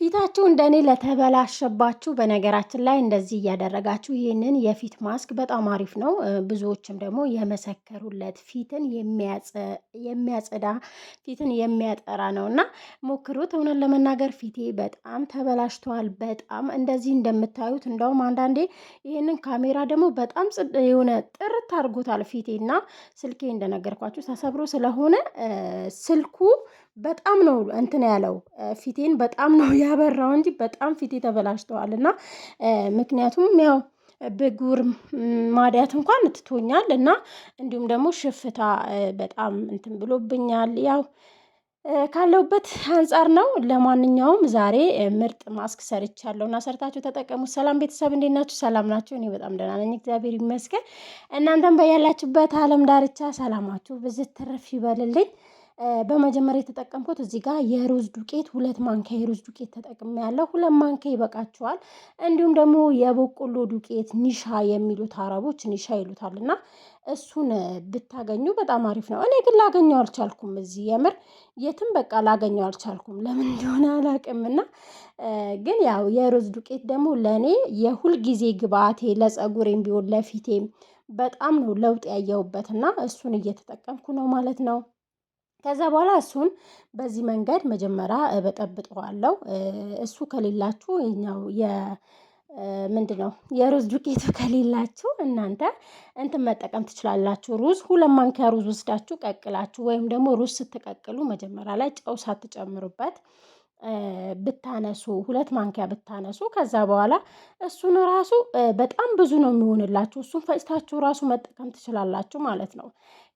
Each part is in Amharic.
ፊታችሁ እንደኔ ለተበላሸባችሁ፣ በነገራችን ላይ እንደዚህ እያደረጋችሁ ይህንን የፊት ማስክ በጣም አሪፍ ነው። ብዙዎችም ደግሞ የመሰከሩለት ፊትን የሚያጸዳ ፊትን የሚያጠራ ነው እና ሞክሩት። እውነት ለመናገር ፊቴ በጣም ተበላሽተዋል። በጣም እንደዚህ እንደምታዩት እንደውም አንዳንዴ ይህንን ካሜራ ደግሞ በጣም የሆነ ጥርት አድርጎታል ፊቴ እና ስልኬ እንደነገርኳችሁ ተሰብሮ ስለሆነ ስልኩ በጣም ነው እንትን ያለው ፊቴን በጣም ነው ያበራው እንጂ በጣም ፊቴ ተበላሽተዋል። እና ምክንያቱም ያው ብጉር ማዲያት እንኳን ትቶኛል እና እንዲሁም ደግሞ ሽፍታ በጣም እንትን ብሎብኛል ያው ካለውበት አንጻር ነው። ለማንኛውም ዛሬ ምርጥ ማስክ ሰርቻለሁ እና ሰርታችሁ ተጠቀሙ። ሰላም ቤተሰብ እንዴት ናችሁ? ሰላም ናቸው እኔ በጣም ደህና ነኝ፣ እግዚአብሔር ይመስገን። እናንተም በያላችሁበት ዓለም ዳርቻ ሰላማችሁ ብዝት ትርፍ ይበልልኝ። በመጀመሪያ የተጠቀምኩት እዚህ ጋር የሩዝ ዱቄት ሁለት ማንኪያ የሩዝ ዱቄት ተጠቅሜያለሁ። ሁለት ማንኪያ ይበቃቸዋል። እንዲሁም ደግሞ የበቆሎ ዱቄት ኒሻ የሚሉት አረቦች ኒሻ ይሉታል እና እሱን ብታገኙ በጣም አሪፍ ነው። እኔ ግን ላገኘው አልቻልኩም። እዚህ የምር የትም በቃ ላገኘው አልቻልኩም። ለምን እንደሆነ አላውቅም። እና ግን ያው የሩዝ ዱቄት ደግሞ ለእኔ የሁልጊዜ ጊዜ ግብአቴ ለጸጉሬም ቢሆን ለፊቴም በጣም ነው ለውጥ ያየሁበት እና እሱን እየተጠቀምኩ ነው ማለት ነው። ከዛ በኋላ እሱን በዚህ መንገድ መጀመሪያ በጠብጠዋለሁ። እሱ ከሌላችሁ ኛው ምንድን ነው የሩዝ ዱቄቱ ከሌላችሁ እናንተ እንትን መጠቀም ትችላላችሁ። ሩዝ ሁለት ማንኪያ ሩዝ ወስዳችሁ ቀቅላችሁ ወይም ደግሞ ሩዝ ስትቀቅሉ መጀመሪያ ላይ ጨው ሳትጨምሩበት ብታነሱ ሁለት ማንኪያ ብታነሱ ከዛ በኋላ እሱን ራሱ በጣም ብዙ ነው የሚሆንላችሁ። እሱን ፈጭታችሁ ራሱ መጠቀም ትችላላችሁ ማለት ነው።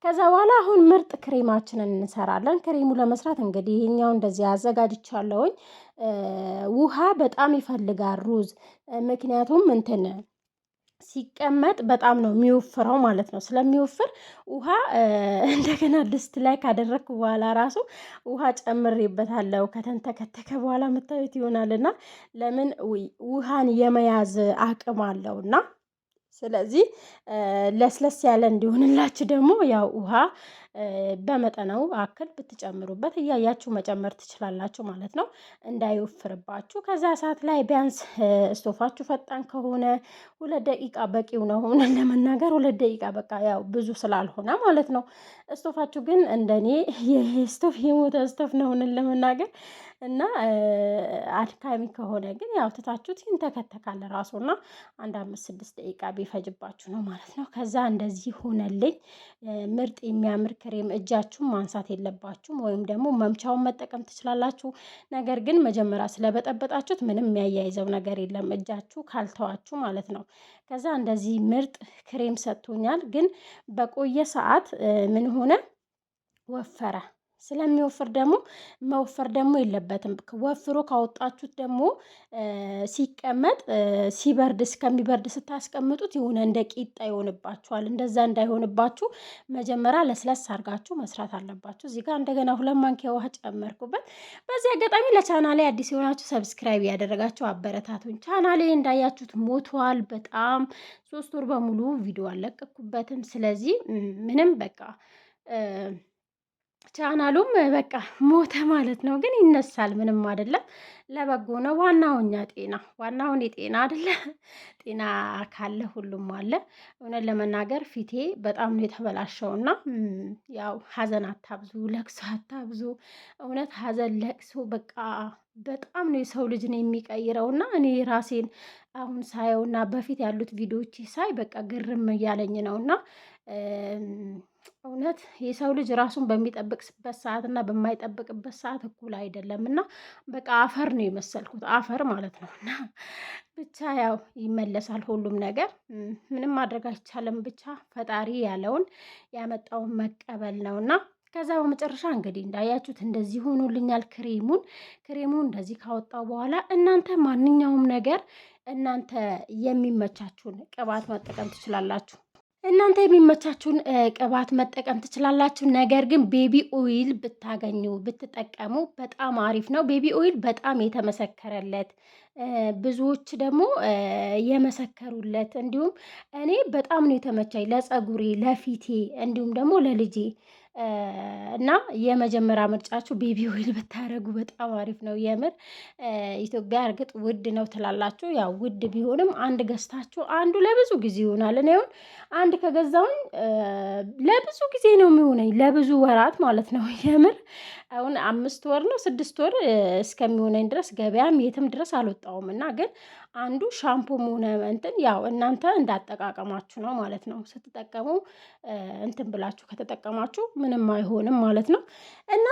ከዛ በኋላ አሁን ምርጥ ክሬማችንን እንሰራለን። ክሬሙ ለመስራት እንግዲህ ይሄኛው እንደዚህ አዘጋጅቻለሁኝ። ውሃ በጣም ይፈልጋል ሩዝ ምክንያቱም እንትን ሲቀመጥ በጣም ነው የሚወፍረው ማለት ነው። ስለሚወፍር ውሃ እንደገና ድስት ላይ ካደረግኩ በኋላ ራሱ ውሃ ጨምሬበታለሁ። ከተንተከተከ በኋላ የምታዩት ይሆናልና ለምን ውሃን የመያዝ አቅም አለውና። ስለዚህ ለስለስ ያለ እንዲሆንላችሁ ደግሞ ያው ውሃ በመጠነው አክል ብትጨምሩበት እያያችሁ መጨመር ትችላላችሁ ማለት ነው፣ እንዳይወፍርባችሁ። ከዛ ሰዓት ላይ ቢያንስ ስቶፋችሁ ፈጣን ከሆነ ሁለት ደቂቃ በቂው ነው። ለመናገር ሁለት ደቂቃ በቃ ያው ብዙ ስላልሆነ ማለት ነው። ስቶፋችሁ ግን እንደኔ የስቶፍ የሞተ ስቶፍ ነው ለመናገር እና አድካሚ ከሆነ ግን ያው ትታችሁት ይንተከተካል ራሱና አንድ አምስት ስድስት ደቂቃ ቢፈጅባችሁ ነው ማለት ነው። ከዛ እንደዚህ ሆነልኝ ምርጥ የሚያምር ክሬም እጃችሁን ማንሳት የለባችሁም፣ ወይም ደግሞ መምቻውን መጠቀም ትችላላችሁ። ነገር ግን መጀመሪያ ስለበጠበጣችሁት ምንም የሚያያይዘው ነገር የለም፣ እጃችሁ ካልተዋችሁ ማለት ነው። ከዛ እንደዚህ ምርጥ ክሬም ሰጥቶኛል፣ ግን በቆየ ሰዓት ምን ሆነ ወፈረ። ስለሚወፍር ደግሞ መወፈር ደግሞ የለበትም። ወፍሮ ካወጣችሁት ደግሞ ሲቀመጥ ሲበርድ እስከሚበርድ ስታስቀምጡት የሆነ እንደ ቂጣ ይሆንባችኋል። እንደዛ እንዳይሆንባችሁ መጀመሪያ ለስለስ አድርጋችሁ መስራት አለባችሁ። እዚህ ጋር እንደገና ሁለት ማንኪያ ውሃ ጨመርኩበት። በዚህ አጋጣሚ ለቻናሌ አዲስ የሆናችሁ ሰብስክራይብ ያደረጋችሁ አበረታቱኝ። ቻናሌ እንዳያችሁት ሞቷል። በጣም ሶስት ወር በሙሉ ቪዲዮ አለቀኩበትም። ስለዚህ ምንም በቃ ቻናሉም በቃ ሞተ ማለት ነው። ግን ይነሳል፣ ምንም አይደለም። ለበጎ ነው። ዋናው እኛ ጤና ዋናው ዋናውን ጤና አይደለ? ጤና ካለ ሁሉም አለ። እውነት ለመናገር ፊቴ በጣም ነው የተበላሸው እና ያው ሀዘን አታብዙ፣ ለቅሶ አታብዙ። እውነት ሀዘን ለቅሶ በቃ በጣም ነው የሰው ልጅን ነው የሚቀይረው እና እኔ ራሴን አሁን ሳየውና በፊት ያሉት ቪዲዮዎች ሳይ በቃ ግርም እያለኝ ነው እና እውነት የሰው ልጅ ራሱን በሚጠብቅበት ሰዓት እና በማይጠብቅበት ሰዓት እኩል አይደለም እና በቃ አፈር ነው የመሰልኩት አፈር ማለት ነው እና ብቻ ያው ይመለሳል ሁሉም ነገር ምንም ማድረግ አይቻልም ብቻ ፈጣሪ ያለውን ያመጣውን መቀበል ነው እና ከዛ በመጨረሻ እንግዲህ እንዳያችሁት እንደዚህ ሆኖልኛል። ክሬሙን ክሬሙን እንደዚህ ካወጣው በኋላ እናንተ ማንኛውም ነገር እናንተ የሚመቻችሁን ቅባት መጠቀም ትችላላችሁ። እናንተ የሚመቻችሁን ቅባት መጠቀም ትችላላችሁ። ነገር ግን ቤቢ ኦይል ብታገኙ ብትጠቀሙ በጣም አሪፍ ነው። ቤቢ ኦይል በጣም የተመሰከረለት ብዙዎች ደግሞ የመሰከሩለት እንዲሁም እኔ በጣም ነው የተመቻኝ ለጸጉሬ፣ ለፊቴ እንዲሁም ደግሞ ለልጄ እና የመጀመሪያ ምርጫችሁ ቤቢ ኦይል ብታደርጉ በጣም አሪፍ ነው። የምር ኢትዮጵያ እርግጥ ውድ ነው ትላላችሁ። ያው ውድ ቢሆንም አንድ ገዝታችሁ አንዱ ለብዙ ጊዜ ይሆናል። እኔ አሁን አንድ ከገዛሁኝ ለብዙ ጊዜ ነው የሚሆነኝ፣ ለብዙ ወራት ማለት ነው። የምር አሁን አምስት ወር ነው ስድስት ወር እስከሚሆነኝ ድረስ ገበያም የትም ድረስ አልወጣውም እና ግን አንዱ ሻምፖም ሆነ እንትን ያው እናንተ እንዳጠቃቀማችሁ ነው ማለት ነው። ስትጠቀሙ እንትን ብላችሁ ከተጠቀማችሁ ምንም አይሆንም ማለት ነው። እና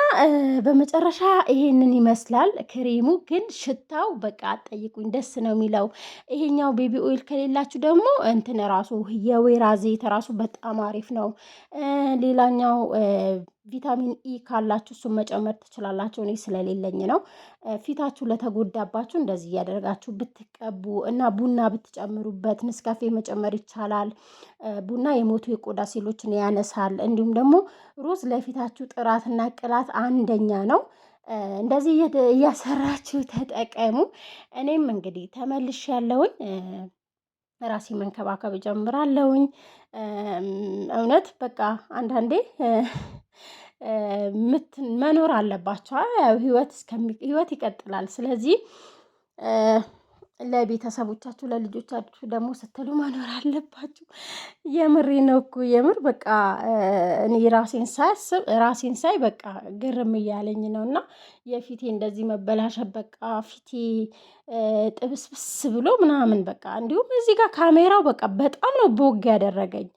በመጨረሻ ይሄንን ይመስላል ክሬሙ። ግን ሽታው በቃ አጠይቁኝ ደስ ነው የሚለው። ይሄኛው ቤቢ ኦይል ከሌላችሁ ደግሞ እንትን ራሱ የወይራ ዘይት ራሱ በጣም አሪፍ ነው። ሌላኛው ቪታሚን ኢ ካላችሁ እሱን መጨመር ትችላላችሁ። እኔ ስለሌለኝ ነው። ፊታችሁ ለተጎዳባችሁ እንደዚህ እያደረጋችሁ ብትቀቡ እና ቡና ብትጨምሩበት፣ ንስካፌ መጨመር ይቻላል። ቡና የሞቱ የቆዳ ሴሎችን ያነሳል። እንዲሁም ደግሞ ሩዝ ለፊታችሁ ጥራትና ቅላት አንደኛ ነው። እንደዚህ እያሰራችሁ ተጠቀሙ። እኔም እንግዲህ ተመልሽ ያለውኝ ራሴ መንከባከብ ጀምራለውኝ እውነት በቃ አንዳንዴ መኖር አለባቸው። ህይወት ህይወት ይቀጥላል። ስለዚህ ለቤተሰቦቻችሁ ለልጆቻችሁ ደግሞ ስትሉ መኖር አለባችሁ። የምሬ ነው እኮ የምር በቃ እኔ ራሴን ሳያስብ ራሴን ሳይ በቃ ግርም እያለኝ ነው። እና የፊቴ እንደዚህ መበላሸት በቃ ፊቴ ጥብስብስ ብሎ ምናምን በቃ እንዲሁም እዚህ ጋር ካሜራው በቃ በጣም ነው ቦግ ያደረገኝ።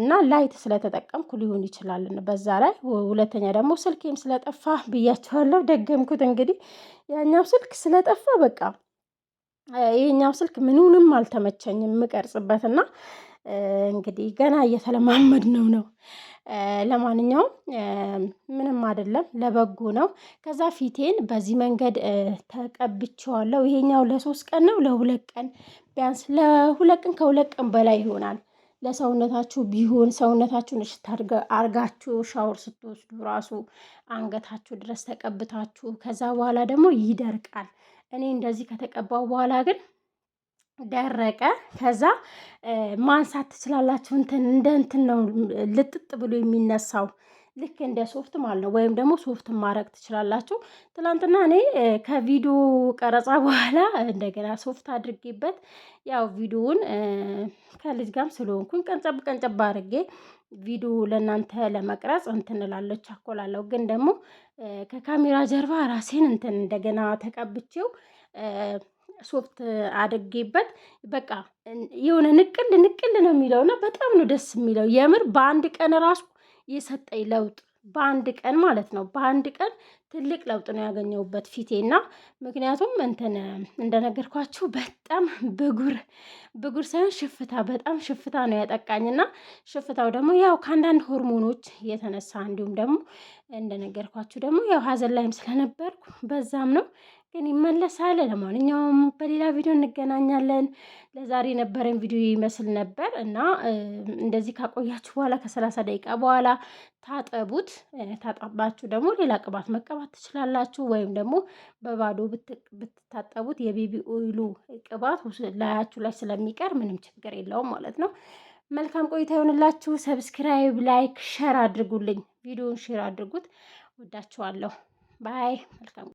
እና ላይት ስለተጠቀምኩ ሊሆን ይችላል። በዛ ላይ ሁለተኛ ደግሞ ስልኬም ስለጠፋ ብያቸዋለሁ፣ ደገምኩት። እንግዲህ ያኛው ስልክ ስለጠፋ በቃ ይሄኛው ስልክ ምንንም አልተመቸኝም የምቀርጽበት እና እንግዲህ ገና እየተለማመድ ነው ነው። ለማንኛውም ምንም አይደለም፣ ለበጎ ነው። ከዛ ፊቴን በዚህ መንገድ ተቀብቼዋለሁ። ይሄኛው ለሶስት ቀን ነው ለሁለት ቀን ቢያንስ ለሁለት ቀን ከሁለት ቀን በላይ ይሆናል ለሰውነታችሁ ቢሆን ሰውነታችሁን እሽት አርጋችሁ ሻወር ስትወስዱ ራሱ አንገታችሁ ድረስ ተቀብታችሁ ከዛ በኋላ ደግሞ ይደርቃል። እኔ እንደዚህ ከተቀባው በኋላ ግን ደረቀ። ከዛ ማንሳት ትችላላችሁ። እንትን እንደ እንትን ነው ልጥጥ ብሎ የሚነሳው ልክ እንደ ሶፍት ማለት ነው። ወይም ደግሞ ሶፍት ማድረግ ትችላላችሁ። ትናንትና እኔ ከቪዲዮ ቀረጻ በኋላ እንደገና ሶፍት አድርጌበት ያው ቪዲዮውን ከልጅ ጋርም ስለሆንኩኝ ቀንጨብ ቀንጨብ አድርጌ ቪዲዮ ለእናንተ ለመቅረጽ እንትን እላለሁ፣ ቸኮላለሁ። ግን ደግሞ ከካሜራ ጀርባ ራሴን እንትን እንደገና ተቀብቼው ሶፍት አድርጌበት በቃ የሆነ ንቅል ንቅል ነው የሚለውና በጣም ነው ደስ የሚለው የምር በአንድ ቀን ራሱ የሰጠኝ ለውጥ በአንድ ቀን ማለት ነው። በአንድ ቀን ትልቅ ለውጥ ነው ያገኘሁበት ና ምክንያቱም እንትን እንደነገርኳችሁ በጣም ብጉር ብጉር ሳይሆን ሽፍታ፣ በጣም ሽፍታ ነው ያጠቃኝና ሽፍታው ደግሞ ያው ከአንዳንድ ሆርሞኖች የተነሳ እንዲሁም ደግሞ እንደነገርኳችሁ ደግሞ ያው ሀዘን ላይም ስለነበርኩ በዛም ነው ግን ይመለሳል። ለማንኛውም በሌላ ቪዲዮ እንገናኛለን። ለዛሬ የነበረን ቪዲዮ ይመስል ነበር እና እንደዚህ ካቆያችሁ በኋላ ከሰላሳ ደቂቃ በኋላ ታጠቡት። ታጠባችሁ ደግሞ ሌላ ቅባት መቀባት ትችላላችሁ። ወይም ደግሞ በባዶ ብትታጠቡት የቤቢ ኦይሉ ቅባት ላያችሁ ላይ ስለሚቀር ምንም ችግር የለውም ማለት ነው። መልካም ቆይታ ይሆንላችሁ። ሰብስክራይብ፣ ላይክ፣ ሸር አድርጉልኝ። ቪዲዮውን ሼር አድርጉት። ወዳችኋለሁ። ባይ መልካም